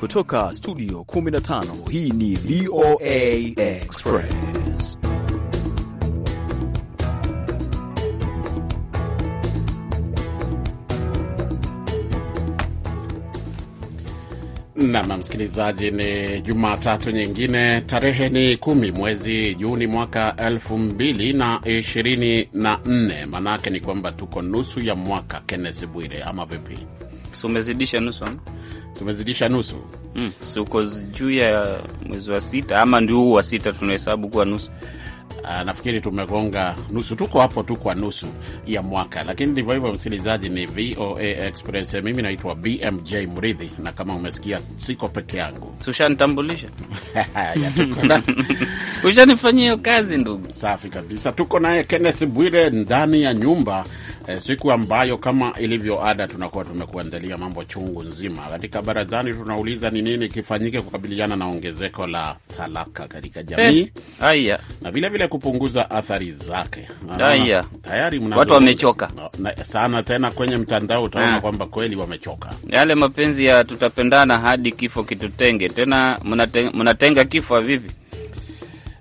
Kutoka studio 15 hii ni VOA Express. Nam msikilizaji, ni Jumatatu nyingine, tarehe ni kumi mwezi Juni mwaka elfu mbili na ishirini na nne. Maanake ni kwamba tuko nusu ya mwaka, kennes Bwire, ama vipi? umezidisha nusu? tumezidisha nusu mm. Suko juu ya mwezi wa sita ama ndio huu wa sita tunahesabu kuwa nusu. Uh, nafikiri tumegonga nusu, tuko hapo tu kwa nusu ya mwaka, lakini ndivyo hivyo, msikilizaji. Ni VOA Express, mimi naitwa BMJ Mridhi, na kama umesikia siko peke yangu, ushanitambulisha ushanifanyia kazi ndugu, safi kabisa. Tuko naye Kenneth Bwire ndani ya nyumba e, siku ambayo kama ilivyo ada tunakuwa tumekuandalia mambo chungu nzima. Katika barazani tunauliza ni nini kifanyike kukabiliana na ongezeko la talaka katika jamii eh, na vilevile kupunguza athari zake. Tayari watu wamechoka sana, tena kwenye mtandao utaona ah. kwamba kweli wamechoka yale mapenzi ya tutapendana hadi kifo kitutenge. Tena mnatenga kifo vipi?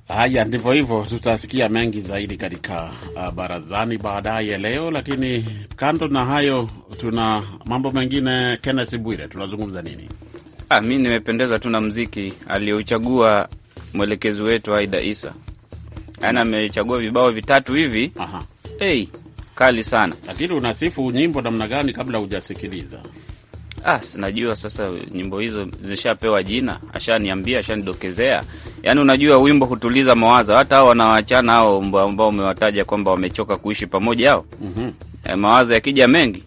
Haya, ndivyo hivyo. Tutasikia mengi zaidi katika uh, barazani baadaye leo, lakini kando na hayo, tuna mambo mengine. Kenneth Bwire, tunazungumza nini? Ah, mi nimependezwa tu na mziki aliyochagua mwelekezi wetu Aida Isa, yaani amechagua vibao vitatu hivi hey, kali sana. Lakini unasifu nyimbo namna gani kabla hujasikiliza? ah, sinajua sasa nyimbo hizo zishapewa jina, ashaniambia, ashanidokezea. Yaani unajua wimbo hutuliza mawazo, hata hao wanawaachana hao ambao umewataja kwamba wamechoka kuishi pamoja hao mm -hmm. E, mawazo yakija mengi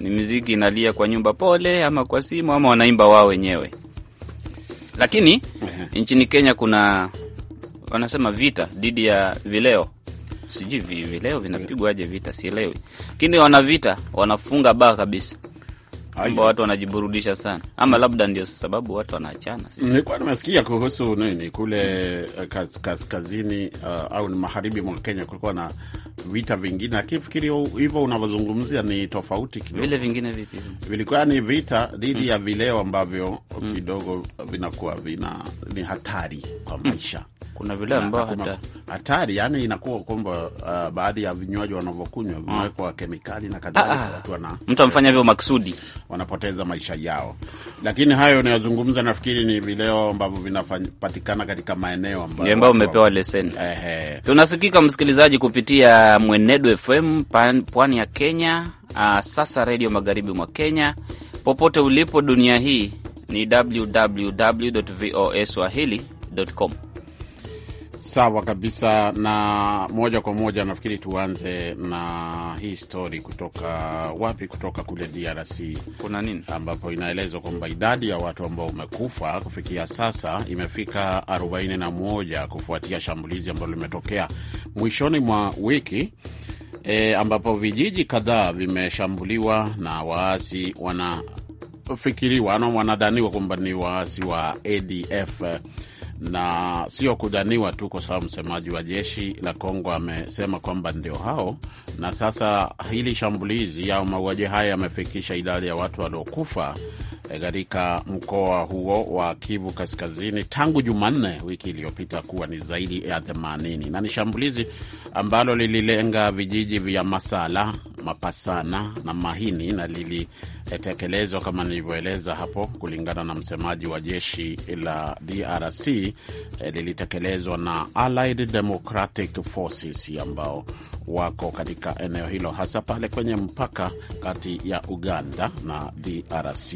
ni miziki inalia kwa nyumba pole, ama kwa simu, ama wanaimba wao wenyewe. Lakini mm -hmm. nchini Kenya kuna wanasema vita dhidi ya vileo Sijui vileo vinapigwaje vita, sielewi, lakini wana vita, wanafunga baa kabisa ambao watu wanajiburudisha sana, ama labda ndio sababu watu wanaachana. Nilikuwa nimesikia kuhusu nini kule eh, kaskazini uh, au ni magharibi mwa Kenya, kulikuwa na vita vingine, lakini fikiri hivyo unavyozungumzia ni tofauti kidogo. Vile vingine vipi? Vilikuwa ni vita dhidi ya hmm. vileo ambavyo hmm. kidogo vinakuwa vina ni hatari kwa hmm. maisha kuna vile ambao hata hatari, yani inakuwa kwamba uh, baadhi ya vinywaji wanavyokunywa mm. vimewekwa mm. kemikali na ah, kadhalika, ah, watu wana mtu amfanya hivyo makusudi, wanapoteza maisha yao. Lakini hayo unayozungumza nafikiri ni vileo ambavyo vinapatikana katika maeneo ambayo ambao umepewa leseni. Ehe, tunasikika msikilizaji kupitia Mwenedo FM pwani ya Kenya, uh, sasa redio magharibi mwa Kenya, popote ulipo dunia hii ni www voa Sawa kabisa, na moja kwa moja nafikiri tuanze na hii stori. Kutoka wapi? Kutoka kule DRC. Kuna nini? Ambapo inaelezwa kwamba idadi ya watu ambao wamekufa kufikia sasa imefika 41 kufuatia shambulizi ambalo limetokea mwishoni mwa wiki e, ambapo vijiji kadhaa vimeshambuliwa na waasi wanafikiriwa fikiriwa wanadhaniwa kwamba ni waasi wa ADF na sio kudhaniwa tu, kwa sababu msemaji wa jeshi la Kongo amesema kwamba ndio hao. Na sasa hili shambulizi au mauaji haya yamefikisha idadi ya watu waliokufa Eh, katika mkoa huo wa Kivu Kaskazini tangu Jumanne wiki iliyopita kuwa ni zaidi ya 80 na ni shambulizi ambalo lililenga vijiji vya Masala, Mapasana na Mahini na lilitekelezwa kama nilivyoeleza hapo, kulingana na msemaji wa jeshi la DRC, eh, lilitekelezwa na Allied Democratic Forces ambao wako katika eneo hilo, hasa pale kwenye mpaka kati ya Uganda na DRC.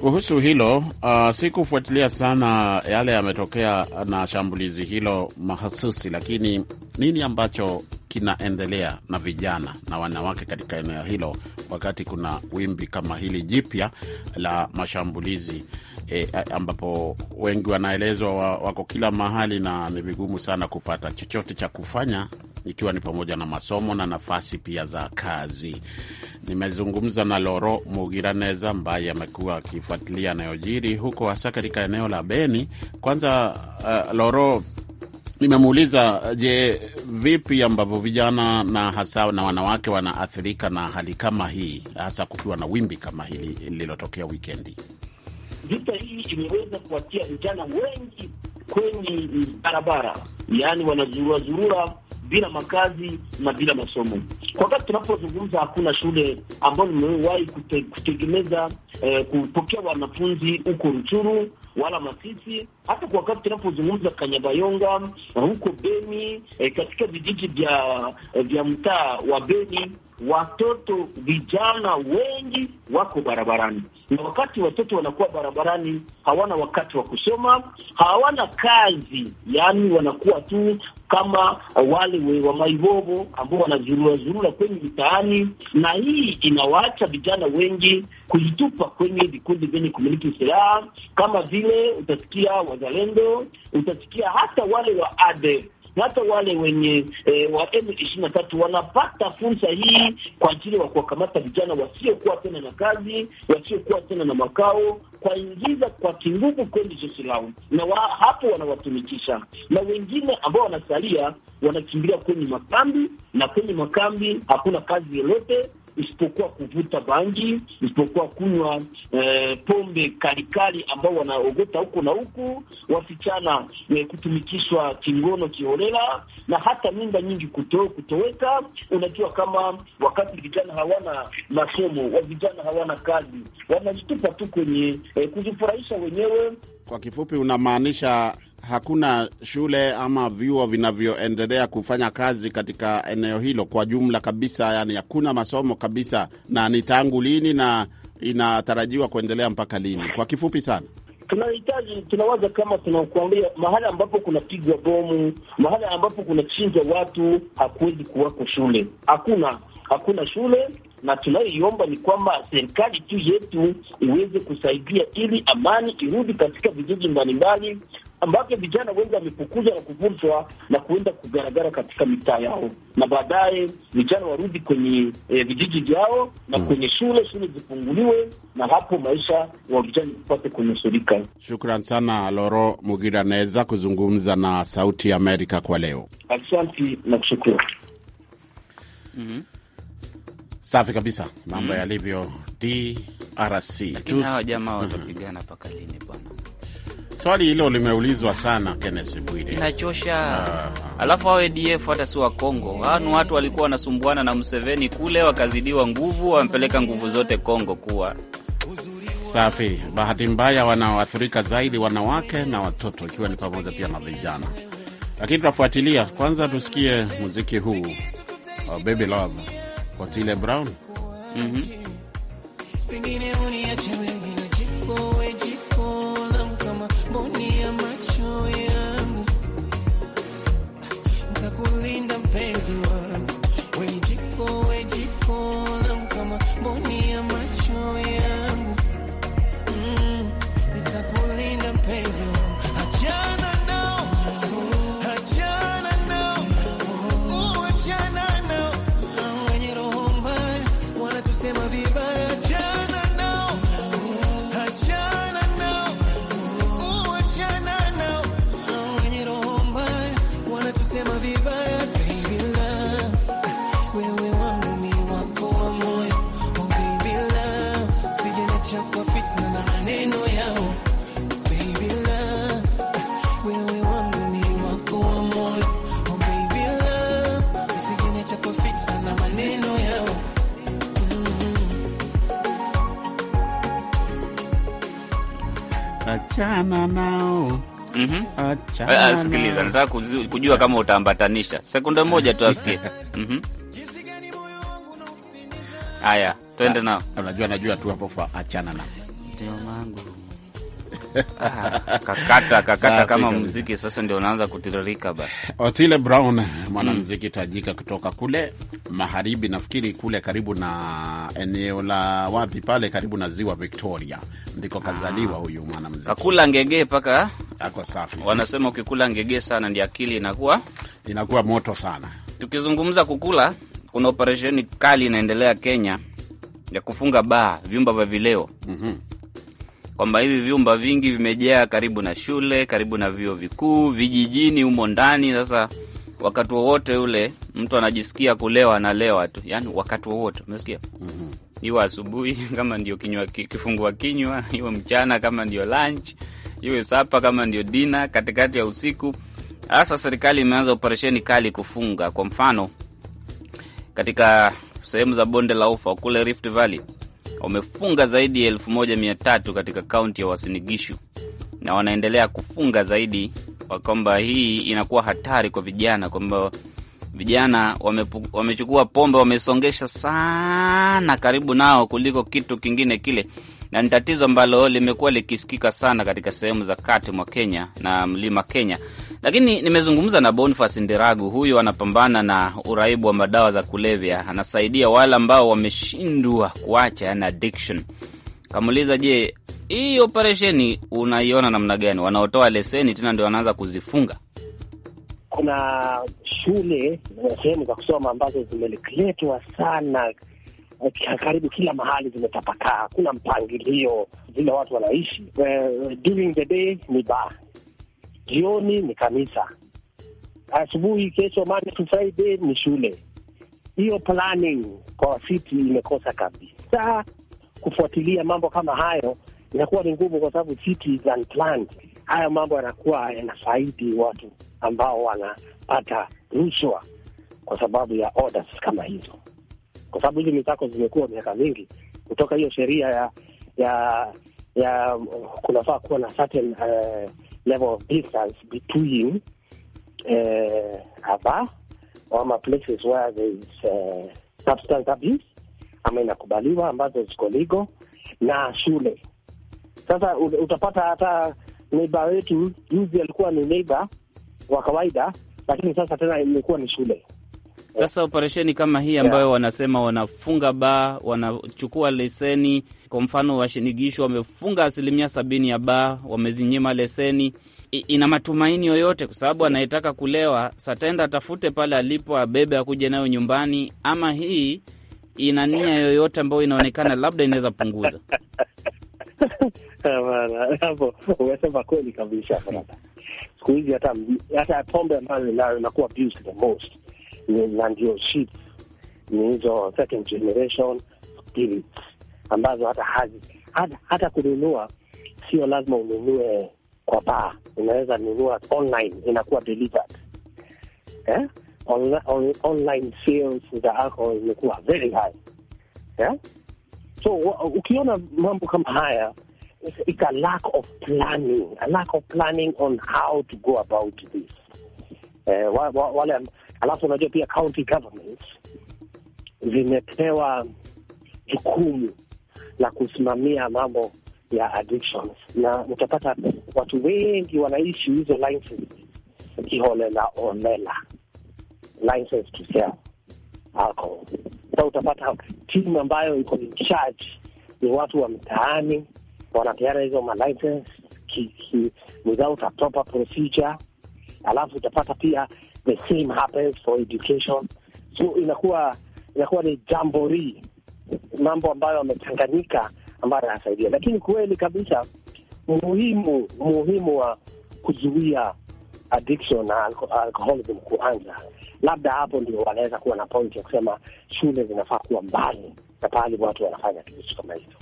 Kuhusu hilo uh, sikufuatilia sana yale yametokea na shambulizi hilo mahususi lakini nini ambacho kinaendelea na vijana na wanawake katika eneo hilo, wakati kuna wimbi kama hili jipya la mashambulizi e, ambapo wengi wanaelezwa wako kila mahali na ni vigumu sana kupata chochote cha kufanya ikiwa ni pamoja na masomo na nafasi pia za kazi. Nimezungumza na Loro Mugiraneza ambaye amekuwa akifuatilia anayojiri huko hasa katika eneo la Beni. Kwanza uh, Loro nimemuuliza je, vipi ambavyo vijana na hasa na wanawake wanaathirika na hali kama hii, hasa kukiwa na wimbi kama hili lililotokea wikendi. Vita hii imeweza kuwatia vijana wengi kwenye barabara, yaani wanazuruazurura bila makazi na bila masomo. Kwa wakati tunapozungumza, hakuna shule ambayo limewahi kute, kutegemeza eh, kupokea wanafunzi huko Ruchuru wala Masisi, hata kwa wakati tunapozungumza Kanyabayonga huko Beni, eh, katika vijiji vya eh, vya mtaa wa Beni watoto vijana wengi wako barabarani, na wakati watoto wanakuwa barabarani, hawana wakati wa kusoma, hawana kazi, yaani wanakuwa tu kama wale wa maibobo ambao zurura kwenye mitaani, na hii inawacha vijana wengi kujitupa kwenye vikundi vyenye kumiliki silaha, kama vile utasikia wazalendo, utasikia hata wale wa ADF hata wale wenye e, wa M23 wanapata fursa hii kwa ajili ya kuwakamata vijana wasiokuwa tena na kazi, wasiokuwa tena na makao, kwaingiza kwa kinguvu kwenye jeshi lao, na wa, hapo wanawatumikisha, na wengine ambao wanasalia wanakimbilia kwenye makambi, na kwenye makambi hakuna kazi yoyote isipokuwa kuvuta bangi, isipokuwa kunywa eh, pombe kalikali, ambao wanaogota huku na huku, wasichana eh, kutumikishwa kingono kiholela, na hata mimba nyingi kuto, kutoweka. Unajua kama wakati vijana hawana masomo, wa vijana hawana kazi, wanajitupa tu kwenye eh, kujifurahisha wenyewe. Kwa kifupi unamaanisha hakuna shule ama vyuo vinavyoendelea kufanya kazi katika eneo hilo kwa jumla kabisa, yani hakuna masomo kabisa. Na ni tangu lini na inatarajiwa kuendelea mpaka lini? Kwa kifupi sana tunahitaji tunawaza, kama tunakuambia, mahali ambapo kunapigwa bomu, mahali ambapo kunachinja watu, hakuwezi kuwako shule, hakuna hakuna shule na tunayoiomba ni kwamba serikali tu yetu iweze kusaidia ili amani irudi katika vijiji mbalimbali, ambapo vijana wengi wamefukuzwa na kuvunjwa na kuenda kugaragara katika mitaa yao, na baadaye vijana warudi kwenye e, vijiji vyao na mm. kwenye shule, shule zifunguliwe, na hapo maisha wa vijana upate kunusurika. Shukran sana Loro Mugira Mugiraneza kuzungumza na Sauti ya Amerika kwa leo, Asanti na kushukuru. mm -hmm. Safi kabisa mambo mm yalivyo DRC, lakini hawa jamaa mhm. watapigana mpaka lini bwana? swali hilo limeulizwa sana, Kenneth Bwire, inachosha. Ah. Alafu awe DF hata si wa Kongo, hao ni watu walikuwa wanasumbuana na Museveni kule, wakazidiwa nguvu, wamepeleka nguvu zote Kongo kuwa safi. Bahati mbaya, wanaoathirika zaidi wanawake na watoto, ikiwa ni pamoja pia na vijana, lakini tutafuatilia. Kwanza tusikie muziki huu, wa Baby Love, Brown. mm -hmm. Eh, ah, sikiliza, nataka kujua kama utaambatanisha sekunde moja tu asikie. Mhm. haya Twende nao, ah, unajua najua tu hapo, achana na ndio mangu kakata kakata kama mziki sasa ndio unaanza kutiririka ba. Otile Brown mwanamuziki mm. tajika kutoka kule magharibi, nafikiri kule karibu na eneo la wapi pale karibu na ziwa Victoria ndiko kazaliwa ah. huyu mwanamuziki. Akula ngegee paka eh? ako safi. Wanasema ukikula ngegee sana ndio akili inakuwa inakuwa moto sana. Tukizungumza kukula, kuna operesheni kali inaendelea Kenya ya kufunga baa, vyumba vya vileo mm -hmm kwamba hivi vyumba vingi vimejaa karibu na shule, karibu na vyuo vikuu, vijijini, humo ndani. Sasa wakati wowote ule mtu anajisikia kulewa, analewa tu, yani wakati wowote, umesikia? mm -hmm. Iwe asubuhi kama ndio kinywa kifungua kinywa, iwe mchana kama ndio lunch, iwe sapa kama ndio dina, katikati ya usiku. Sasa serikali imeanza operesheni kali kufunga, kwa mfano katika sehemu za bonde la ufa kule Rift Valley wamefunga zaidi ya 1300 katika kaunti ya Wasinigishu na wanaendelea kufunga zaidi, kwa kwamba hii inakuwa hatari kwa vijana, kwamba vijana wamechukua pombe wamesongesha sana karibu nao kuliko kitu kingine kile na ni tatizo ambalo limekuwa likisikika sana katika sehemu za kati mwa Kenya na mlima Kenya. Lakini nimezungumza na Boniface Ndiragu, huyu anapambana na uraibu wa madawa za kulevya, anasaidia wale ambao wameshindwa kuacha, yani addiction. Kamuuliza, je, hii operesheni unaiona namna gani? Wanaotoa leseni tena ndio wanaanza kuzifunga. Kuna shule na eh, sehemu za kusoma ambazo zimeletwa sana karibu kila mahali zimetapakaa, kuna mpangilio vile watu wanaishi. Uh, during the day ni ba jioni ni kanisa, asubuhi kesho Monday to Friday ni shule. Hiyo planning kwa city imekosa kabisa. Kufuatilia mambo kama hayo inakuwa ni ngumu, kwa sababu city is unplanned. Haya mambo yanakuwa yanafaidi watu ambao wanapata rushwa kwa sababu ya orders kama hizo kwa sababu hizi mitako zimekuwa miaka mingi kutoka hiyo sheria ya ya ya kunafaa kuwa na certain uh, level of distance between uh, eh, a bar ama places where there is uh, substance abuse ama inakubaliwa ambazo ziko legal na shule. Sasa utapata hata neiba wetu juzi alikuwa ni neiba wa kawaida, lakini sasa tena imekuwa ni shule. Sasa operesheni kama hii ambayo yeah, wanasema wanafunga baa, wanachukua leseni. Kwa mfano, washinigishwa wamefunga asilimia sabini ya baa, wamezinyima leseni. I, ina matumaini yoyote? Kwa sababu anayetaka kulewa satenda atafute pale alipo, abebe akuje nayo nyumbani, ama hii ina nia yoyote ambayo inaonekana labda inaweza punguza ah, hapo umesema kweli kabisa. Siku hizi hata hata pombe ambayo inakuwa abused the most na ni hizo second generation ambazo hata hazi, hata, hata kununua sio lazima ununue kwa baa, unaweza nunua online, inakuwa delivered eh? Onla, on, online sales za alcohol very high yeah? So ukiona mambo kama haya it's, it's a lack of planning, a lack of planning on how to go about this eh, wa, wa, wale Alafu unajua pia county governments zimepewa jukumu la kusimamia mambo ya addictions, na utapata watu wengi wanaishi hizo license kiholela olela, license to sell alcohol. Sa utapata timu ambayo iko in charge ni watu wa mtaani wanapeana hizo malicense without a proper procedure. Alafu utapata pia the same happens for education. So inakuwa inakuwa ni jambori mambo ambayo amechanganyika ambayo yanasaidia, lakini kweli kabisa muhimu muhimu wa kuzuia addiction na alco alcoholism kuanza, labda hapo ndio wanaweza kuwa na point ya kusema shule zinafaa kuwa mbali na pahali watu wanafanya kitu kama hicho.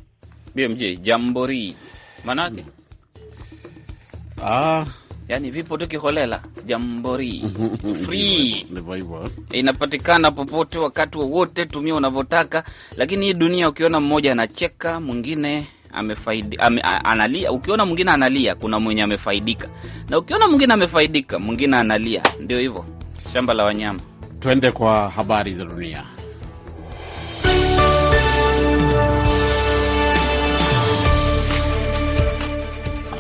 BMJ jambori manake, mm. ah yani vipo tu kiholela. jambori free eh, inapatikana popote wakati wowote, tumia unavyotaka. Lakini hii dunia, ukiona mmoja anacheka mwingine amefaidi, ame, analia. Ukiona mwingine analia, kuna mwenye amefaidika, na ukiona mwingine amefaidika, mwingine analia. Ndio hivyo, shamba la wanyama. Tuende kwa habari za dunia.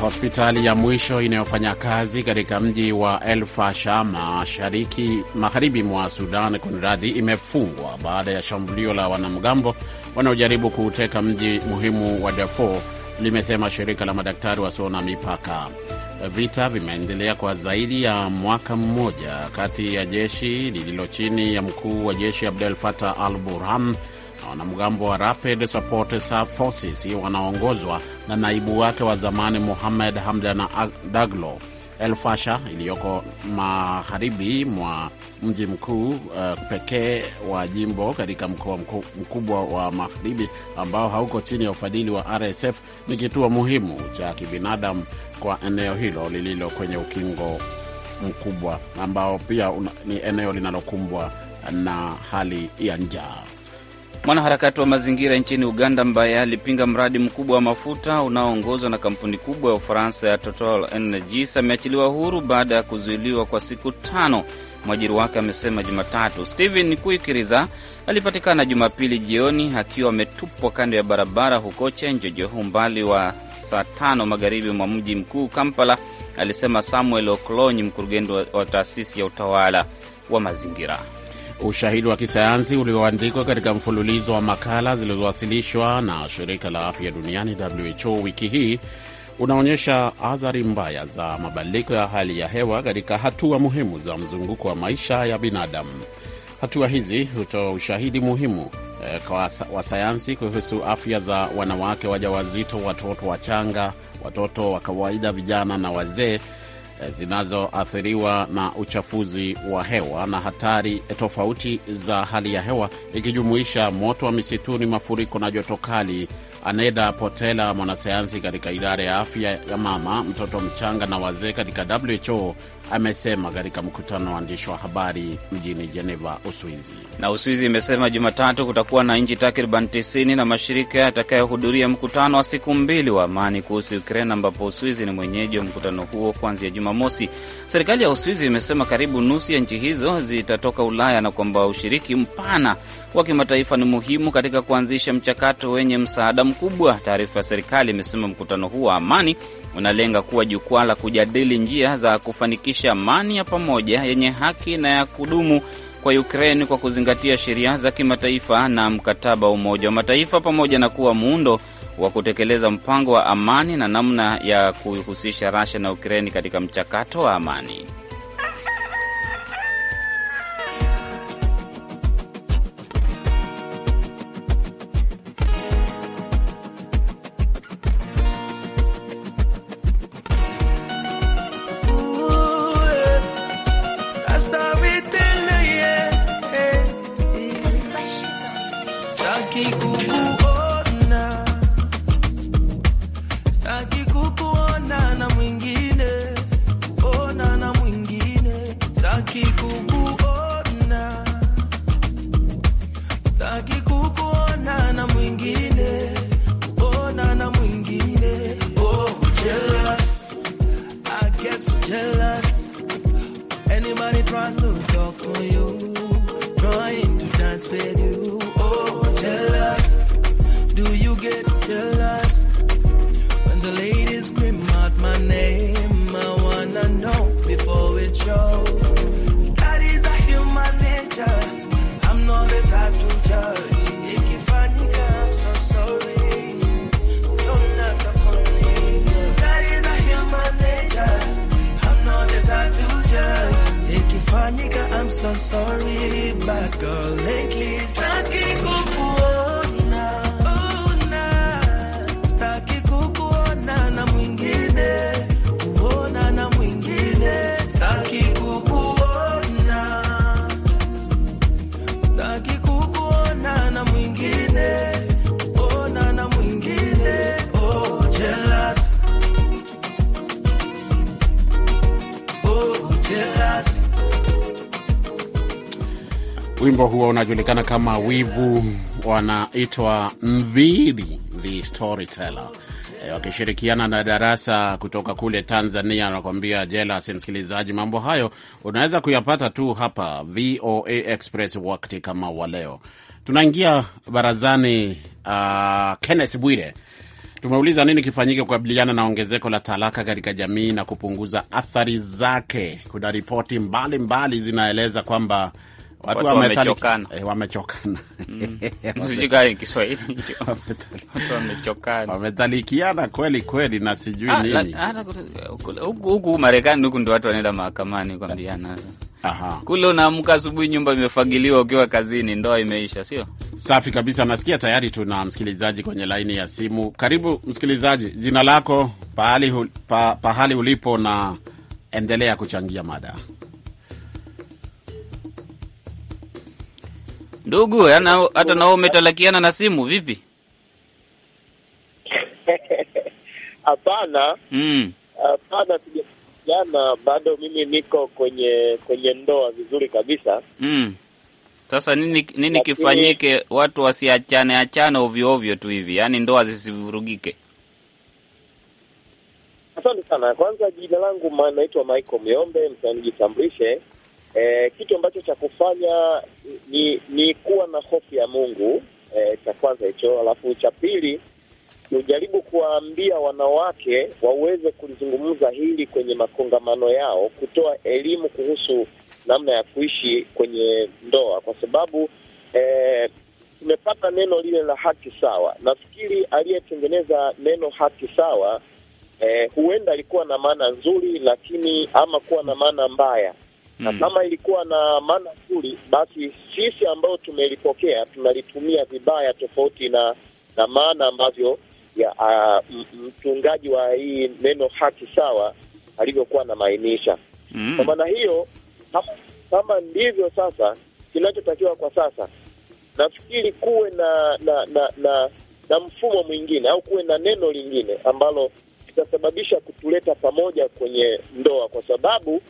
Hospitali ya mwisho inayofanya kazi katika mji wa El Fasher mashariki magharibi mwa Sudan, kunradhi, imefungwa baada ya shambulio la wanamgambo wanaojaribu kuuteka mji muhimu wa Darfur, limesema shirika la madaktari wasio na mipaka. Vita vimeendelea kwa zaidi ya mwaka mmoja kati ya jeshi lililo chini ya mkuu wa jeshi Abdel Fattah al-Burhan na wanamgambo wa Rapid Support Forces wanaongozwa na naibu wake wa zamani Mohamed Hamdan Daglo. El Fasha iliyoko magharibi mwa mji mkuu uh, pekee wa jimbo katika mkoa mkubwa wa magharibi ambao hauko chini ya ufadhili wa RSF ni kituo muhimu cha kibinadamu kwa eneo hilo lililo kwenye ukingo mkubwa ambao pia una, ni eneo linalokumbwa na hali ya njaa. Mwanaharakati wa mazingira nchini Uganda ambaye alipinga mradi mkubwa wa mafuta unaoongozwa na kampuni kubwa ya Ufaransa ya Total Energies ameachiliwa huru baada ya kuzuiliwa kwa siku tano, mwajiri wake amesema Jumatatu. Stephen Kuikiriza alipatikana Jumapili jioni akiwa ametupwa kando ya barabara huko Chenjojo, umbali wa saa tano magharibi mwa mji mkuu Kampala, alisema Samuel Oklony, mkurugenzi wa taasisi ya utawala wa mazingira. Ushahidi wa kisayansi ulioandikwa katika mfululizo wa makala zilizowasilishwa na shirika la afya duniani WHO wiki hii unaonyesha athari mbaya za mabadiliko ya hali ya hewa katika hatua muhimu za mzunguko wa maisha ya binadamu. Hatua hizi hutoa ushahidi muhimu eh, kwa wasayansi kuhusu afya za wanawake wajawazito, watoto wachanga, watoto wa kawaida, vijana na wazee Eh, zinazoathiriwa na uchafuzi wa hewa na hatari tofauti za hali ya hewa ikijumuisha moto wa misituni, mafuriko na joto kali. Aneda Potela, mwanasayansi katika idara ya afya ya mama, mtoto mchanga na wazee katika WHO, amesema katika mkutano wa waandishi wa habari mjini Jeneva, Uswizi. Na Uswizi imesema Jumatatu kutakuwa na nchi takriban 90 na mashirika yatakayohudhuria mkutano wa siku mbili wa amani kuhusu Ukraine, ambapo Uswizi ni mwenyeji wa mkutano huo kuanzia Jumamosi. Serikali ya Uswizi imesema karibu nusu ya nchi hizo zitatoka Ulaya na kwamba ushiriki mpana wa kimataifa ni muhimu katika kuanzisha mchakato wenye msaada mkubwa. Taarifa ya serikali imesema mkutano huo wa amani unalenga kuwa jukwaa la kujadili njia za kufanikisha amani ya pamoja yenye haki na ya kudumu kwa Ukraine kwa kuzingatia sheria za kimataifa na mkataba wa Umoja wa Mataifa pamoja na kuwa muundo wa kutekeleza mpango wa amani na namna ya kuhusisha Russia na Ukraine katika mchakato wa amani. 有。Wimbo huo unajulikana kama Wivu, wanaitwa Mvili the Storyteller eh, wakishirikiana na Darasa kutoka kule Tanzania. Anakuambia si Msikilizaji, mambo hayo unaweza kuyapata tu hapa VOA Express wakati kama wa leo. Tunaingia barazani. Uh, Kenneth Bwire, tumeuliza nini kifanyike kukabiliana na ongezeko la talaka katika jamii na kupunguza athari zake. Kuna ripoti mbalimbali zinaeleza kwamba watu wamechokana, eh, mm. wamechokana, wametalikiana kweli kweli na sijui ah, nini huku Marekani. Huku ndo watu wanaenda mahakamani kwambiana Aha. Kule unaamka asubuhi, nyumba imefagiliwa ukiwa kazini, ndoa imeisha, sio safi kabisa. Nasikia tayari tuna msikilizaji kwenye laini ya simu. Karibu msikilizaji, jina lako, pahali, pa, pahali ulipo na endelea kuchangia mada Ndugu, hata nao umetalakiana na simu vipi? Hapana, mm. hapana, tujana bado. Mimi niko kwenye kwenye ndoa vizuri kabisa. Mm. Sasa nini nini kifanyike watu wasiachane achane ovyo ovyo tu hivi, yaani ndoa zisivurugike? Asante sana. Kwanza jina langu naitwa Michael Miombe, msanijitambulishe. E, kitu ambacho cha kufanya ni, ni kuwa na hofu ya Mungu e, cha kwanza hicho, alafu cha pili ujaribu kuwaambia wanawake waweze kulizungumza hili kwenye makongamano yao, kutoa elimu kuhusu namna ya kuishi kwenye ndoa, kwa sababu eh, tumepata eh, neno lile la haki sawa. Nafikiri aliyetengeneza neno haki sawa eh, huenda alikuwa na maana nzuri, lakini ama kuwa na maana mbaya na mm. kama ilikuwa na maana nzuri, basi sisi ambao tumelipokea tunalitumia vibaya, tofauti na na maana ambavyo ya mtungaji wa hii neno haki sawa alivyokuwa anamaanisha. mm. Kwa maana hiyo, kama ndivyo sasa kinachotakiwa kwa sasa, nafikiri kuwe na na na, na na mfumo mwingine au kuwe na neno lingine ambalo litasababisha kutuleta pamoja kwenye ndoa, kwa sababu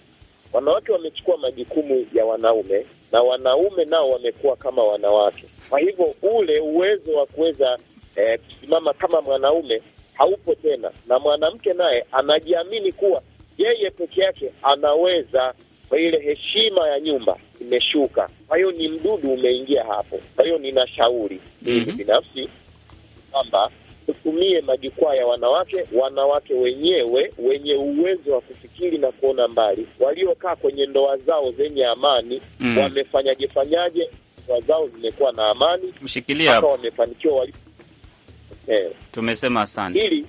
Wanawake wamechukua majukumu ya wanaume na wanaume nao wamekuwa kama wanawake. Kwa hivyo ule uwezo wa kuweza eh, kusimama kama mwanaume haupo tena, na mwanamke naye anajiamini kuwa yeye peke yake anaweza. Kwa ile heshima ya nyumba imeshuka, kwa hiyo ni mdudu umeingia hapo. Kwa hiyo ninashauri mimi mm -hmm. binafsi kwamba tutumie majukwaa ya wanawake, wanawake wenyewe wenye uwezo wa kufikiri na kuona mbali, waliokaa kwenye ndoa zao zenye amani mm. wamefanyaje fanyaje ndoa zao zimekuwa na amani, mshikilia hapo, wamefanikiwa wali eh. Tumesema asante,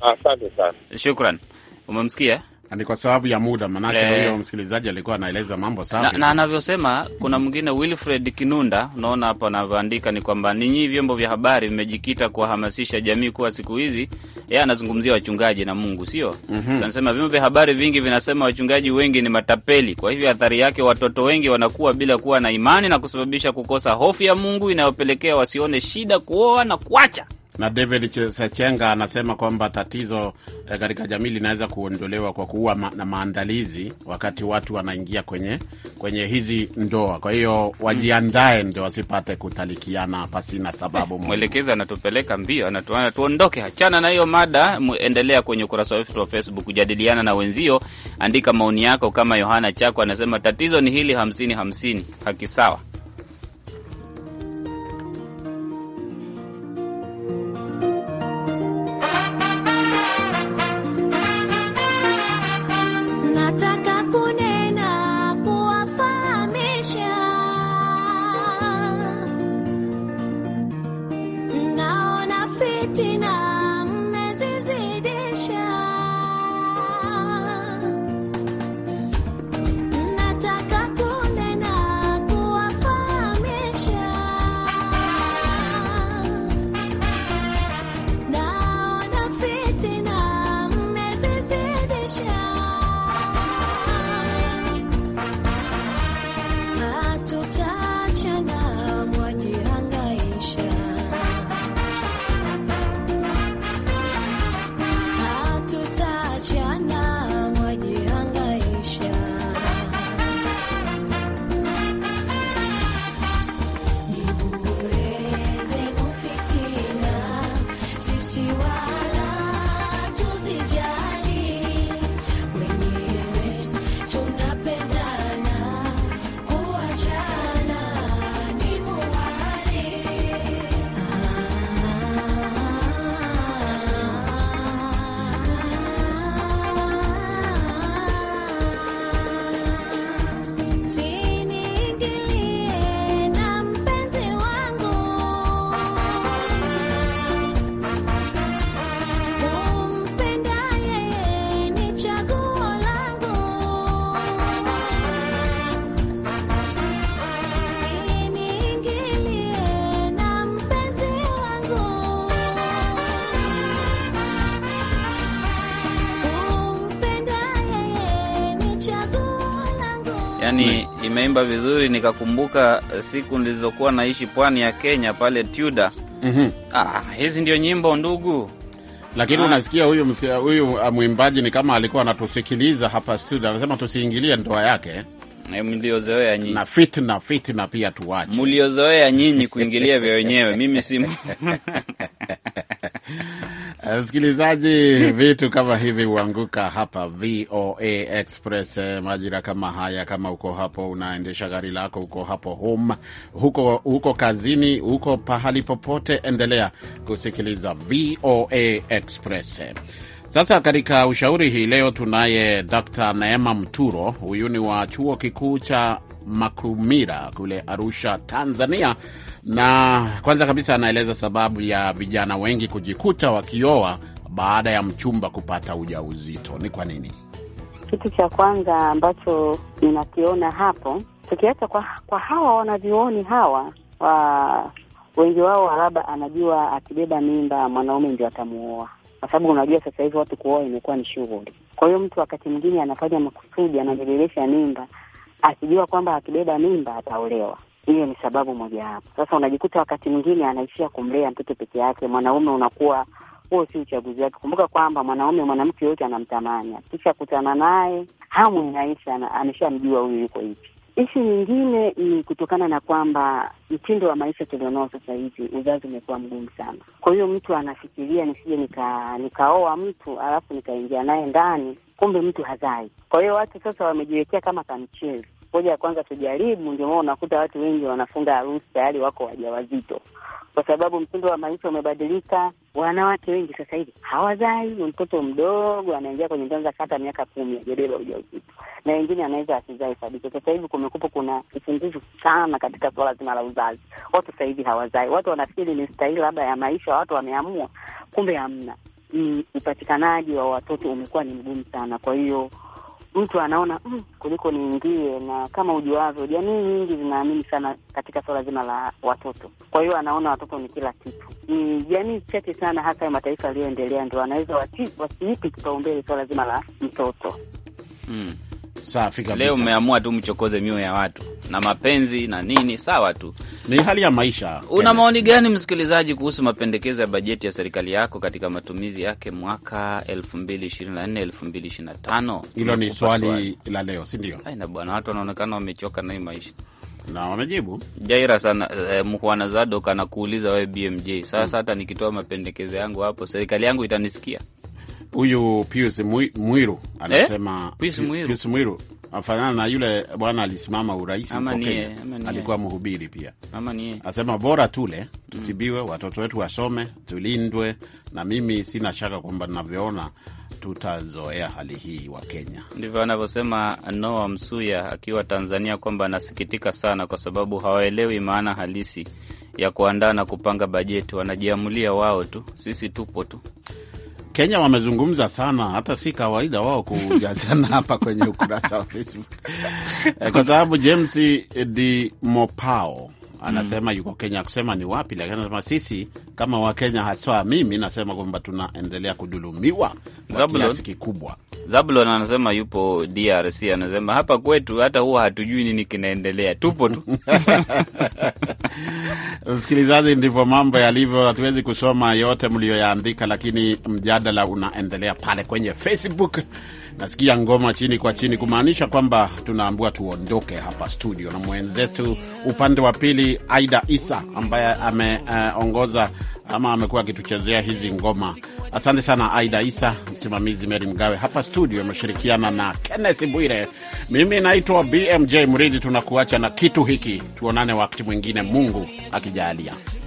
asante sana, shukran. Umemsikia ni kwa sababu ya muda, manake huyo msikilizaji alikuwa anaeleza mambo safi na anavyosema. Kuna mwingine Wilfred Kinunda, unaona hapa anavyoandika ni kwamba ninyi vyombo vya habari vimejikita kuwahamasisha jamii kuwa siku hizi, yeye anazungumzia wachungaji na Mungu, sio mm -hmm. Anasema vyombo vya habari vingi vinasema wachungaji wengi ni matapeli, kwa hivyo athari yake watoto wengi wanakuwa bila kuwa na imani na kusababisha kukosa hofu ya Mungu inayopelekea wasione shida kuoa na kuacha na David Sechenga anasema kwamba tatizo eh, katika e, jamii linaweza kuondolewa kwa kuwa ma, na maandalizi wakati watu wanaingia kwenye kwenye hizi ndoa. Kwa hiyo wajiandae ndo wasipate kutalikiana pasina sababu. Mwelekezi anatupeleka mbio, anatuana tuondoke, hachana na hiyo mada. Endelea kwenye ukurasa wetu wa Facebook kujadiliana na wenzio, andika maoni yako. Kama Yohana Chako anasema tatizo ni hili hamsini hamsini, haki sawa ameimba vizuri, nikakumbuka eh, siku nilizokuwa naishi pwani ya Kenya pale Tuda. mm -hmm. Ah, hizi ndio nyimbo ndugu lakini ah. unasikia huyu huyu ah, mwimbaji ni kama alikuwa anatusikiliza hapa studio, anasema tusiingilie ndoa yake. Eh, mliozoea nyinyi na fitna, fitna pia tuwache, mliozoea nyinyi kuingilia vya wenyewe. Mimi simu Eh, msikilizaji, vitu kama hivi huanguka hapa VOA Express eh, majira kama haya. Kama uko hapo unaendesha gari lako, uko hapo home, huko, huko kazini, huko pahali popote, endelea kusikiliza VOA Express. Sasa katika ushauri hii leo tunaye Dr. Neema Mturo. Huyu ni wa chuo kikuu cha Makumira kule Arusha, Tanzania na kwanza kabisa anaeleza sababu ya vijana wengi kujikuta wakioa baada ya mchumba kupata ujauzito ni kwa nini. Kitu cha kwanza ambacho ninakiona hapo, tukiacha kwa, kwa hawa wanavyooni hawa wa, wengi wao labda anajua akibeba mimba mwanaume ndio atamuoa, kwa sababu unajua sasa hivi watu kuoa imekuwa ni shughuli. Kwa hiyo mtu wakati mwingine anafanya makusudi, anabebelesha mimba akijua kwamba akibeba mimba ataolewa hiyo ni sababu mojawapo. Sasa unajikuta wakati mwingine anaishia kumlea mtoto peke yake, mwanaume unakuwa huo si uchaguzi wake. Kumbuka kwamba mwanaume, mwanamke yote anamtamani, kutana naye hamu inaisha, ameshamjua huyu yuko hivi. ishi nyingine ni kutokana na kwamba mtindo wa maisha tulionao sasa hivi, uzazi umekuwa mgumu sana. Kwa hiyo mtu anafikiria nisije nika- nikaoa mtu alafu nikaingia naye ndani, kumbe mtu hazai. Kwa hiyo watu sasa wamejiwekea kama kamchezi ngoja kwanza tujaribu. Ndio maana unakuta watu wengi wanafunga harusi tayari wako wajawazito, kwa sababu mtindo wa maisha umebadilika. Wanawake wengi sasa hivi hawazai, mtoto mdogo anaingia kwenye ndoa kata miaka kumi ajabeba ujauzito, na wengine anaweza asizai kabisa. Sasa hivi kumekupa kuna upungufu sana katika suala zima la uzazi. Watu sasa hivi hawazai, watu wanafikiri ni stahili labda ya maisha, watu wameamua, kumbe hamna. Mm, upatikanaji wa watoto umekuwa ni mgumu sana, kwa hiyo mtu anaona mm, kuliko niingie. Na kama ujuavyo, jamii nyingi zinaamini sana katika swala zima la watoto, kwa hiyo anaona watoto ni kila kitu. Ni jamii chache sana, hasa ya mataifa yaliyoendelea, ndio wanaweza wasiipi kipaumbele swala zima la mtoto mm. Safi kabisa. Leo umeamua tu mchokoze mioyo ya watu na mapenzi na nini, sawa tu, ni hali ya maisha. Una maoni gani msikilizaji, kuhusu mapendekezo ya bajeti ya serikali yako katika matumizi yake mwaka 2024 2025? Hilo ni swali la leo, si ndio? Aina bwana, watu wanaonekana wamechoka nayo maisha na wamejibu Jaira sana eh, mhwana Zadok anakuuliza wewe BMJ, sasa hata hmm, nikitoa mapendekezo yangu hapo serikali yangu itanisikia? huyu Pius Mwiru anasema eh? Pius Mwiru afanana na yule bwana alisimama urais Kenya, alikuwa mhubiri pia. Asema bora tule mm. tutibiwe, mm. watoto wetu wasome, tulindwe, na mimi sina shaka kwamba ninavyoona tutazoea hali hii wa Kenya. Ndivyo anavyosema Noa Msuya akiwa Tanzania, kwamba anasikitika sana kwa sababu hawaelewi maana halisi ya kuandaa na kupanga bajeti, wanajiamulia wao tu, sisi tupo tu Wakenya wamezungumza sana, hata si kawaida wao kujazana hapa kwenye ukurasa wa Facebook eh, kwa sababu James Di Mopao anasema mm. yuko Kenya, kusema ni wapi, lakini anasema sisi kama Wakenya, haswa mimi nasema kwamba tunaendelea kudhulumiwa kwa kiasi kikubwa. Zabulon anasema yupo DRC, anasema hapa kwetu hata huwa hatujui nini kinaendelea, tupo tu msikilizaji. Ndivyo mambo yalivyo, hatuwezi kusoma yote mliyoyaandika, lakini mjadala unaendelea pale kwenye Facebook. Nasikia ngoma chini kwa chini, kumaanisha kwamba tunaambua tuondoke hapa studio, na mwenzetu upande wa pili Aida Isa ambaye ameongoza uh, ama amekuwa akituchezea hizi ngoma Asante sana Aida Isa, msimamizi Meri Mgawe hapa studio, ameshirikiana na Kennes Bwire. Mimi naitwa BMJ Mridhi. Tunakuacha na kitu hiki, tuonane wakati mwingine, Mungu akijalia.